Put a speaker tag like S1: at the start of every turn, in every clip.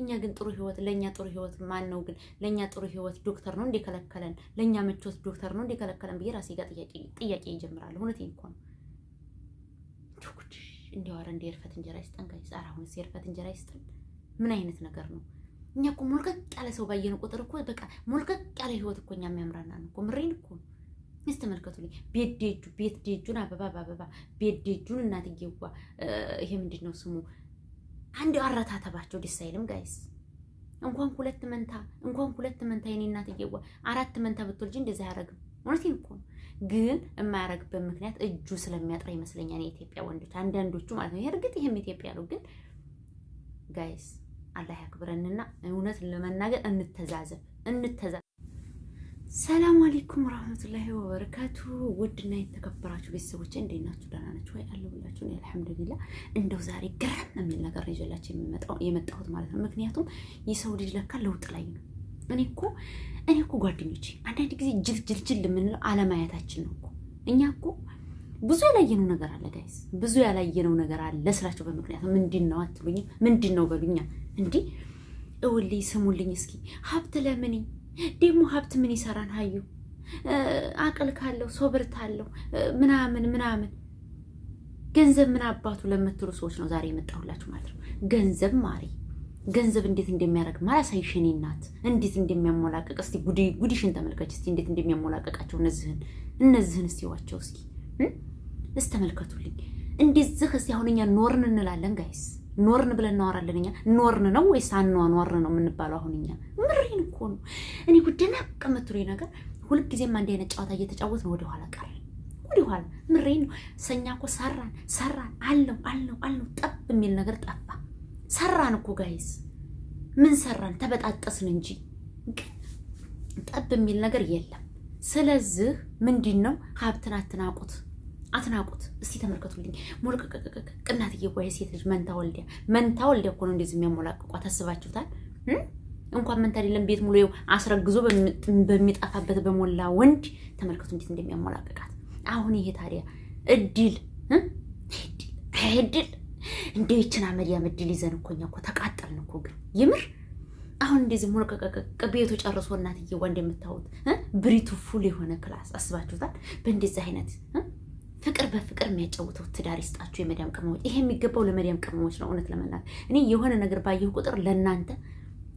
S1: እኛ ግን ጥሩ ህይወት ለእኛ ጥሩ ህይወት ማን ነው ግን ለእኛ ጥሩ ህይወት ዶክተር ነው እንደከለከለን ለእኛ ምቾት ዶክተር ነው እንደከለከለን ብዬ ራሴ ጋር ጥያቄ ይጀምራለሁ። እውነቴን እኮ ነው። እንዲያዋረ እንደ የእርፈት እንጀራ ይስጠን ጋይስ። ኧረ አሁንስ የእርፈት እንጀራ ይስጠን። ምን አይነት ነገር ነው? እኛ እኮ ሞልቀቅ ያለ ሰው ባየነው ቁጥር እኮ በቃ ሞልቀቅ ያለ ህይወት እኮ እኛ የሚያምራና ነው እኮ ምሬን እኮ ነው። እስቲ ተመልከቱልኝ። ቤት ዴጁ ቤት ዴጁን አበባ በአበባ ቤት ዴጁን እናትዬዋ ይሄ ምንድን ነው ስሙ አንድ አረታተባቸው ደስ አይልም ጋይስ። እንኳን ሁለት መንታ እንኳን ሁለት መንታ የኔ እናት እየዋ አራት መንታ ብትወልጂ እንደዚህ አያረግም። እውነቴን እኮ ነው። ግን የማያረግበት ምክንያት እጁ ስለሚያጥራ ይመስለኛል። የኢትዮጵያ ወንዶች አንዳንዶቹ ማለት ነው። እርግጥ ይህም ኢትዮጵያ ነው። ግን ጋይስ አላህ ያክብረንና እውነት ለመናገር እንተዛዘብ እንተዛ ሰላም አለይኩም ወራህመቱላሂ ወበረካቱ። ውድና የተከበራችሁ ቤተሰቦች እንዴት ናችሁ? ደህና ናችሁ ወይ? አለሁላችሁ ነው አልሐምዱሊላህ። እንደው ዛሬ ግራም የሚል ነገር ይዤላችሁ የመጣሁት ማለት ነው። ምክንያቱም የሰው ልጅ ለካ ለውጥ ላይ ነው። እኔ እኮ እኔ እኮ ጓደኞቼ አንዳንድ ጊዜ ጅልጅልጅል የምንለው አለማየታችን ነው እኮ እኛ እኮ ብዙ ያላየነው ነገር አለ ጋይስ፣ ብዙ ያላየነው ነገር አለ ስላቸው በምክንያት ምንድን ነው አትሉኝም? ምንድን ነው በሉኛ። እንዲህ እውልኝ ስሙልኝ እስኪ ሀብት ለምንኝ ደግሞ ሀብት ምን ይሰራን? ሀዩ አቅል ካለው ሶብር አለው ምናምን ምናምን ገንዘብ ምን አባቱ ለምትሉ ሰዎች ነው ዛሬ የመጣሁላችሁ ማለት ነው። ገንዘብ ማሪ ገንዘብ እንዴት እንደሚያደርግ ማላሳይሽ የኔ እናት፣ እንዴት እንደሚያሞላቀቅ እስቲ ጉዲሽን ተመልከች እስቲ፣ እንዴት እንደሚያሞላቀቃቸው እነዚህን እነዚህን እስቲ ዋቸው እስኪ እስ ተመልከቱልኝ። እንደዚህ እስቲ አሁን እኛ ኖርን እንላለን ጋይስ ኖርን ብለን እናወራለን። እኛ ኖርን ነው ወይስ አኗኗርን ነው የምንባለው? አሁን እኛ ምሬን እኮ ነው። እኔ ጉድናቅ ቀመትሮ ነገር ሁልጊዜም አንድ አይነት ጨዋታ ነው ወደኋላ ቀረ ወደኋላ ምሬን ነው። ሰኛ እኮ ሰራን ሰራን አለው አለው አለው ጠብ የሚል ነገር ጠፋ። ሰራን እኮ ጋይዝ ምን ሰራን? ተበጣጠስን እንጂ ግን ጠብ የሚል ነገር የለም። ስለዚህ ምንድን ነው ሀብትን አትናቁት። አትናቁት። እስቲ ተመልከቱልኝ። ሞልቅቅቅቅ ቅናት እየጓየ ሴት ልጅ መንታ ወልዲያ መንታ ወልዲያ እኮ ነው እንደዚህ የሚያሞላቅቋት አስባችሁታል? እንኳን መንታ አይደለም ቤት ሙሉ አስረግዞ በሚጠፋበት በሞላ ወንድ ተመልከቱ እንዴት እንደሚያሞላቅቃት። አሁን ይሄ ታዲያ እድል እድል እንደው ይችን አመዲያ እድል ይዘን እኮ እኛ እኮ ተቃጠልን እኮ ግን ይምር አሁን እንደዚህ ሞልቀቀቀ ቤቱ ጨርሶ እናትዬዋ እንደምታዩት ብሪቱ ፉል የሆነ ክላስ አስባችሁታል በእንደዚህ አይነት ፍቅር በፍቅር የሚያጫውተው ትዳር ይስጣችሁ። የመዲያም ቅመሞች ይሄ የሚገባው ለመዲያም ቅመሞች ነው። እውነት ለመናት እኔ የሆነ ነገር ባየሁ ቁጥር ለእናንተ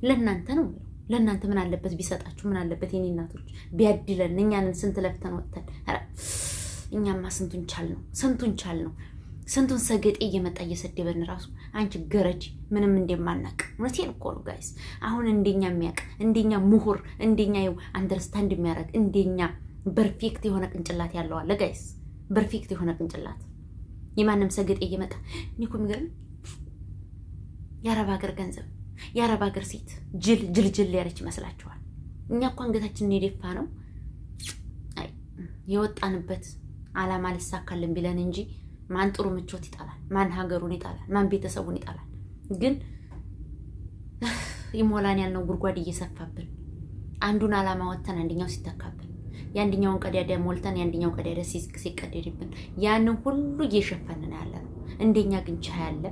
S1: ለእናንተ ነው ለእናንተ ምን አለበት ቢሰጣችሁ? ምን አለበት የኔ እናቶች ቢያድለን? እኛንን ስንት ለፍተን ወጥተን እኛማ ስንቱን ቻል ነው ስንቱን ቻል ነው ስንቱን ሰገጤ እየመጣ እየሰደበን ራሱ አንቺ ገረጅ ምንም እንደማናቅ እውነቴን እኮ ነው ጋይስ። አሁን እንደኛ የሚያቅ እንደኛ ምሁር እንደኛ አንደርስታንድ የሚያደርግ እንደኛ ፐርፌክት የሆነ ቅንጭላት ያለዋለ ጋይስ ፐርፌክት የሆነ ቅንጭላት የማንም ሰገጤ እየመጣ እኔ እኮ የአረብ ሀገር ገንዘብ የአረብ ሀገር ሴት ጅል ጅል ጅል ያለች ይመስላችኋል። እኛ እኮ አንገታችንን የደፋ ነው የወጣንበት አላማ ልሳካልን ቢለን እንጂ ማን ጥሩ ምቾት ይጣላል? ማን ሀገሩን ይጣላል? ማን ቤተሰቡን ይጣላል? ግን ይሞላን ያልነው ጉድጓድ እየሰፋብን አንዱን አላማ ወጥተን አንደኛው ሲተካብን የአንደኛውን ቀዳዳ ሞልተን የአንደኛው ቀዳዳ ሲቀደድብን ያንን ሁሉ እየሸፈንን ያለ ነው። እንደኛ ግን ቻ ያለ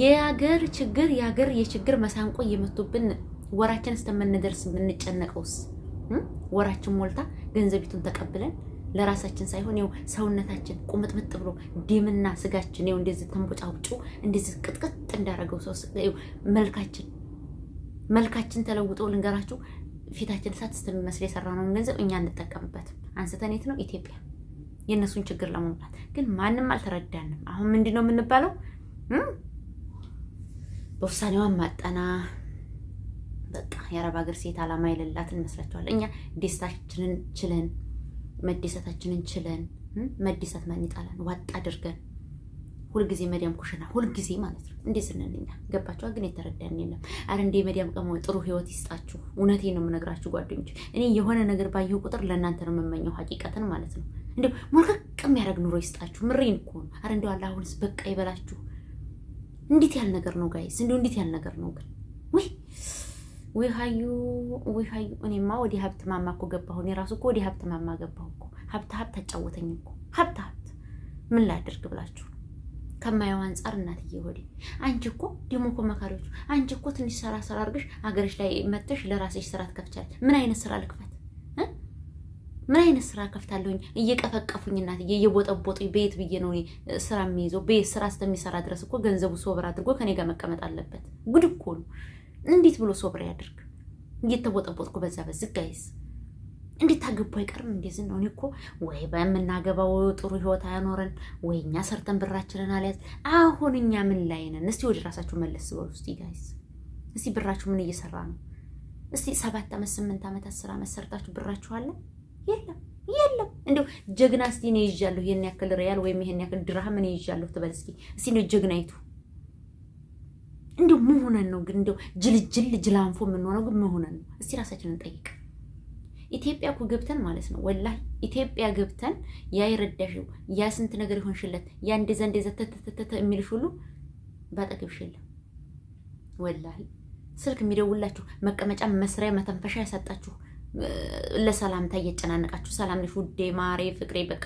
S1: የሀገር ችግር የሀገር የችግር መሳንቆ እየመቱብን ወራችን እስከምንደርስ የምንጨነቀውስ ወራችን ሞልታ ገንዘቢቱን ተቀብለን ለራሳችን ሳይሆን ው ሰውነታችን ቁምጥምጥ ብሎ ደምና ስጋችን ው እንደዚህ ተንቦጫውጩ እንደዚህ ቅጥቅጥ እንዳረገው ሰው መልካችን መልካችን ተለውጦ ልንገራችሁ ፊታችን እሳት የሰራ ነውን ገንዘብ እኛ እንጠቀምበትም። አንስተን የት ነው ኢትዮጵያ የእነሱን ችግር ለመሙላት ግን ማንም አልተረዳንም። አሁን ምንድ ነው የምንባለው? በውሳኔዋን ማጠና በቃ የአረብ ሀገር ሴት አላማ የሌላት እንመስላቸዋል። እኛ ደስታችንን ችለን መደሰታችንን ችለን መደሰት ማን ይጣለን ዋጥ አድርገን ሁልጊዜ መዲያም ኩሽና ሁልጊዜ ማለት ነው እንዴ ስንልኛ ገባችኋ? ግን የተረዳን የለም። አረ እንዴ መዲያም ቀሞ ጥሩ ህይወት ይስጣችሁ። እውነቴ ነው የምነግራችሁ ጓደኞች፣ እኔ የሆነ ነገር ባየሁ ቁጥር ለእናንተ ነው የምመኘው። ሀቂቀትን ማለት ነው እንዲ ሞልቀቅ የሚያደርግ ኑሮ ይስጣችሁ። ምሬን እኮ ነው። አረ እንዲ አላ አሁንስ በቃ ይበላችሁ። እንዴት ያል ነገር ነው ጋይስ? እንዲ እንዴት ያል ነገር ነው ግን ወይ ወይ ሀዩ ወይ ሀዩ። እኔማ ወደ ሀብት ማማ እኮ ገባሁ። እኔ ራሱ እኮ ወደ ሀብት ማማ ገባሁ እኮ ሀብት ሀብት አጫወተኝ እኮ ሀብት ሀብት ምን ላድርግ ብላችሁ ከማየው አንጻር እናትዬ ሆዴ አንቺ እኮ ደግሞ እኮ መካሪዎቹ አንቺ እኮ ትንሽ ሰራ ሰራ አድርገሽ አገርሽ ላይ መጥተሽ ለራስሽ ስራ ትከፍቻለሽ። ምን አይነት ስራ ልክፈት? ምን አይነት ስራ ከፍታለሁኝ? እየቀፈቀፉኝ እናትዬ እየቦጠቦጡኝ በየት ብዬ ነው ስራ የሚይዘው? በየት ስራ እስከሚሰራ ድረስ እኮ ገንዘቡ ሶብር አድርጎ ከኔ ጋር መቀመጥ አለበት። ጉድ እኮ ነው። እንዴት ብሎ ሶብር ያድርግ? እየተቦጠቦጥኩ በዛ በዝጋይስ ታገቡ አይቀርም። እንደዚህ ነው። እኔ እኮ ወይ በምናገባው ጥሩ ህይወት አያኖረን ወይ እኛ ሰርተን ብራችንን አልያዝ። አሁን እኛ ምን ላይ ነን? እስቲ ወደ ራሳችሁ መለስ በሉ። እስቲ ጋይስ፣ እስቲ ብራችሁ ምን እየሰራ ነው? እስቲ ሰባት ዓመት ስምንት ዓመት አስር ዓመት ሰርታችሁ ብራችሁ አለ? የለም የለም። እንዲሁ ጀግና እስቲ እኔ ይዣለሁ ይህን ያክል ሪያል ወይም ይህን ያክል ድርሃም እኔ ይዣለሁ ትበል እስኪ። እስቲ እንዲሁ ጀግናይቱ እንዲሁ መሆነን ነው ግን እንዲሁ ጅልጅል ጅላንፎ የምንሆነው ግን መሆነን ነው። እስቲ ራሳችንን ጠይቅ። ኢትዮጵያ እኮ ገብተን ማለት ነው ወላ ኢትዮጵያ ገብተን ያ የረዳሽው ያ ስንት ነገር ይሆንሽለት ያ እንደዛ እንደዛ ተተተተ የሚልሽ ሁሉ ባጠገብሽ የለም። ወላ ስልክ የሚደውላችሁ መቀመጫ መስሪያ መተንፈሻ ያሳጣችሁ ለሰላምታ እየጨናነቃችሁ ሰላም ነሽ ውዴ ማሬ ፍቅሬ በቃ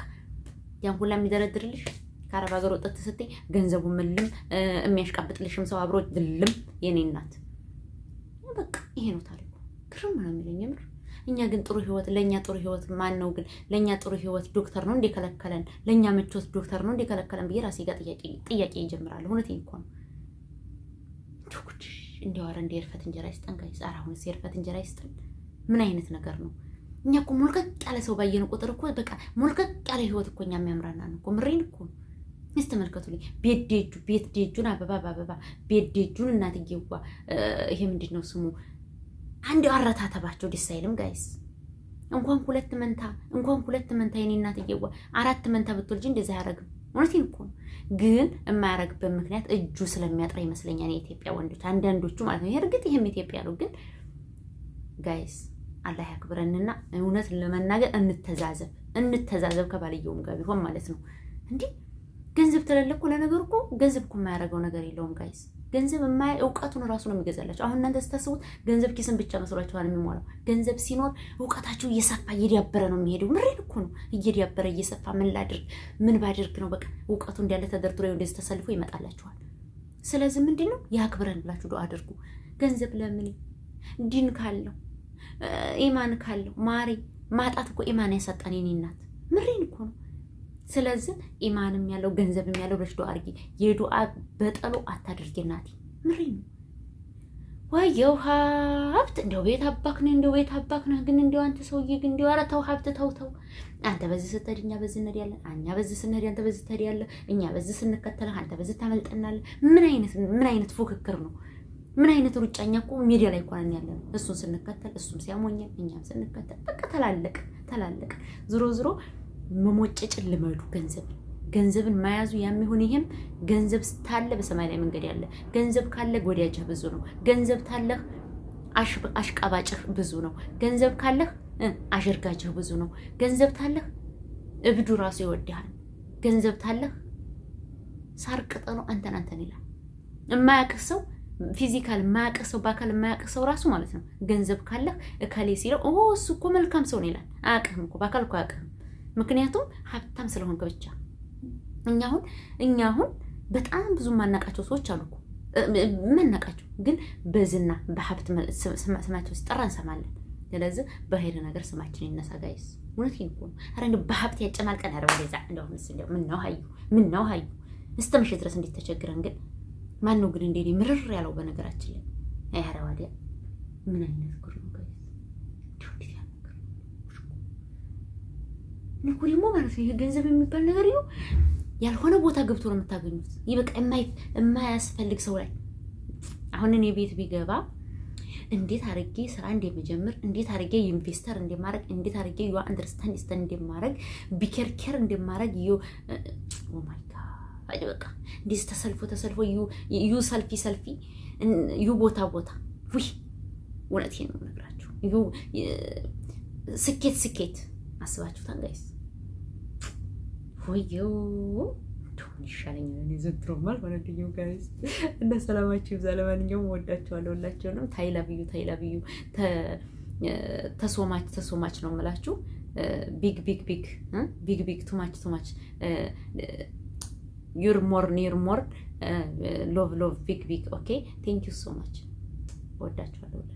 S1: ያን ሁላ የሚደረድርልሽ ከአረብ ሀገር ወጠት ስትይ ገንዘቡ ምልም የሚያሽቃብጥልሽም ሰው አብሮ ድልም የኔ እናት በቃ ይሄ ነው ታሪኩ። ግርም ነው የሚለኝ የምር እኛ ግን ጥሩ ህይወት ለእኛ ጥሩ ህይወት ማን ነው ግን ለእኛ ጥሩ ህይወት ዶክተር ነው እንደከለከለን ለእኛ ምቾት ዶክተር ነው እንደከለከለን ብዬ ራሴ ጋር ጥያቄ ይጀምራለሁ። እውነት እኮ ነው። እንዲያዋረ እንደ የእርፈት እንጀራ ይስጠን። ጋር አሁን የእርፈት እንጀራ ይስጠን። ምን አይነት ነገር ነው? እኛ እኮ ሞልቀቅ ያለ ሰው ባየን ቁጥር እኮ በቃ ሞልቀቅ ያለ ህይወት እኮ እኛ የሚያምራና ነው እኮ ምሬን እኮ ነው። ስ ተመልከቱ ላይ ቤት ዴጁ ቤት ዴጁን አበባ በአበባ ቤት ዴጁን እናትዬዋ ይሄ ምንድን ነው ስሙ አንድ አረታተባቸው ደስ አይልም ጋይስ። እንኳን ሁለት መንታ እንኳን ሁለት መንታ የኔ እናትዬዋ አራት መንታ ብትወልጅ እንደዚህ አያረግም። እውነቴን እኮ ነው። ግን የማያረግበት ምክንያት እጁ ስለሚያጥራ ይመስለኛል። የኢትዮጵያ ወንዶች አንዳንዶቹ ማለት ነው። እርግጥ ይህም ኢትዮጵያ ነው። ግን ጋይስ አላህ ያክብረንና እውነት ለመናገር እንተዛዘብ፣ እንተዛዘብ ከባልየውም ጋር ቢሆን ማለት ነው እንዲህ ገንዘብ ተለለ እኮ ለነገሩ እኮ ገንዘብ እኮ የማያደርገው ነገር የለውም ጋይስ። ገንዘብ የማያ እውቀቱን ራሱ ነው የሚገዛላቸው። አሁን እናንተ ስታስቡት ገንዘብ ኪስን ብቻ መስሏችኋል የሚሞላው። ገንዘብ ሲኖር እውቀታቸው እየሰፋ እየዳበረ ነው የሚሄደው። ምሬን እኮ ነው እየዳበረ እየሰፋ ምን ላድርግ ምን ባድርግ ነው በቃ እውቀቱ እንዳለ ተደርድሮ እንደዚህ ተሰልፎ ይመጣላቸዋል። ስለዚህ ምንድን ነው ያክብረን ብላችሁ ዶ አድርጉ። ገንዘብ ለምን ዲን ካለው ኢማን ካለው ማሬ ማጣት እኮ ኢማን ያሳጣን የኔ እናት ምሬን እኮ ነው ስለዚህ ኢማንም ያለው ገንዘብም ያለው ብለሽ ዱዓ አድርጊ። የዱዓ በጠሎ አታድርጊ እናቴ፣ ምሬ ነው። የው ሀብት እንደው ቤት አባክ አባክነህ እንደው ቤት አባክ አባክነህ ግን እንደው አንተ ሰውዬ ግን እንደው ኧረ ተው ሀብት ተው ተው። አንተ በዚህ ስትሄድ እኛ በዚህ እንሄዳለን፣ እኛ በዚህ ስንሄድ አንተ በዚህ ትሄዳለህ፣ እኛ በዚህ ስንከተልህ አንተ በዚህ ታመልጠናለህ። ምን አይነት ምን አይነት ፉክክር ነው? ምን አይነት ሩጫኛ እኮ ሜዳ ላይ እኮ ያለ ያለነው። እሱን ስንከተል እሱም ሲያሞኛል፣ እኛም ስንከተል በቃ ተላለቅ ተላለቅ ዝሮ ዝሮ መሞጨጭን ልመዱ ገንዘብ ገንዘብን መያዙ የሚሆን ይህም ገንዘብ ታለ በሰማይ ላይ መንገድ ያለ ገንዘብ ካለ ወዳጅህ ብዙ ነው። ገንዘብ ታለህ አሽቃባጭህ ብዙ ነው። ገንዘብ ካለህ አሸርጋጅህ ብዙ ነው። ገንዘብ ታለህ እብዱ ራሱ ይወድሃል። ገንዘብ ታለህ ሳር ቅጠሉ አንተን አንተን ይላል። የማያቅህ ሰው ፊዚካል የማያቅህ ሰው በአካል የማያቅህ ሰው ራሱ ማለት ነው። ገንዘብ ካለህ እከሌ ሲለው እሱ እኮ መልካም ሰው ነው ይላል። አያቅህም እኮ በአካል እኮ አያቅህም ምክንያቱም ሀብታም ስለሆንክ ብቻ። እኛ አሁን እኛ አሁን በጣም ብዙ ማናቃቸው ሰዎች አሉ እኮ የማናቃቸው ግን በዝና በሀብት ስማቸው ሲጠራ እንሰማለን። ስለዚህ በሄድ ነገር ስማችን ይነሳ። ጋይስ እውነት ይኮ ረን በሀብት ያጨማልቀን ረ ወደዛ እንደሁ ምስል ምናው ሀዩ ምናው ሀዩ እስተ መሸ ድረስ እንዴት ተቸግረን ግን ነው ግን እንዴ ምርር ያለው በነገራችን ላይ ረ ወዲያ ምን አይነት ጉር ነው? እኮ ደግሞ ማለት ነው ይሄ ገንዘብ የሚባል ነገር ነው ያልሆነ ቦታ ገብቶ ነው የምታገኙት። ይህ በቃ የማያስፈልግ ሰው ላይ አሁን እኔ ቤት ቢገባ እንዴት አርጌ ስራ እንደምጀምር እንዴት አርጌ ኢንቨስተር እንደማድረግ፣ እንዴት አርጌ ዩ አንደርስታንድ ስተን እንደማድረግ፣ ቢኬርኬር እንደማድረግ ዩ ማይ በቃ እንዴት ተሰልፎ ተሰልፎ ዩ ሰልፊ ሰልፊ ዩ ቦታ ቦታ ውይ እውነት ነው ነግራችሁ ዩ ስኬት ስኬት አስባችሁታል ጋይስ ወዮ ቶን ይሻለኛል ዘንድሮማል ማለት ነው። ጋይስ እና ሰላማችሁ ይብዛ። ለማንኛውም ወዳችኋለሁ። ሁላችሁ ነው ታይላ ብዩ ታይላ ብዩ ተሶማች ተሶማች ነው የምላችሁ። ቢግ ቢግ ቢግ ቢግ ቢግ ቱማች ቱማች ዩር ሞር ኒር ሞር ሎቭ ሎቭ ቢግ ቢግ ኦኬ ቴንክ ዩ ሶ ማች ወዳችኋለሁ።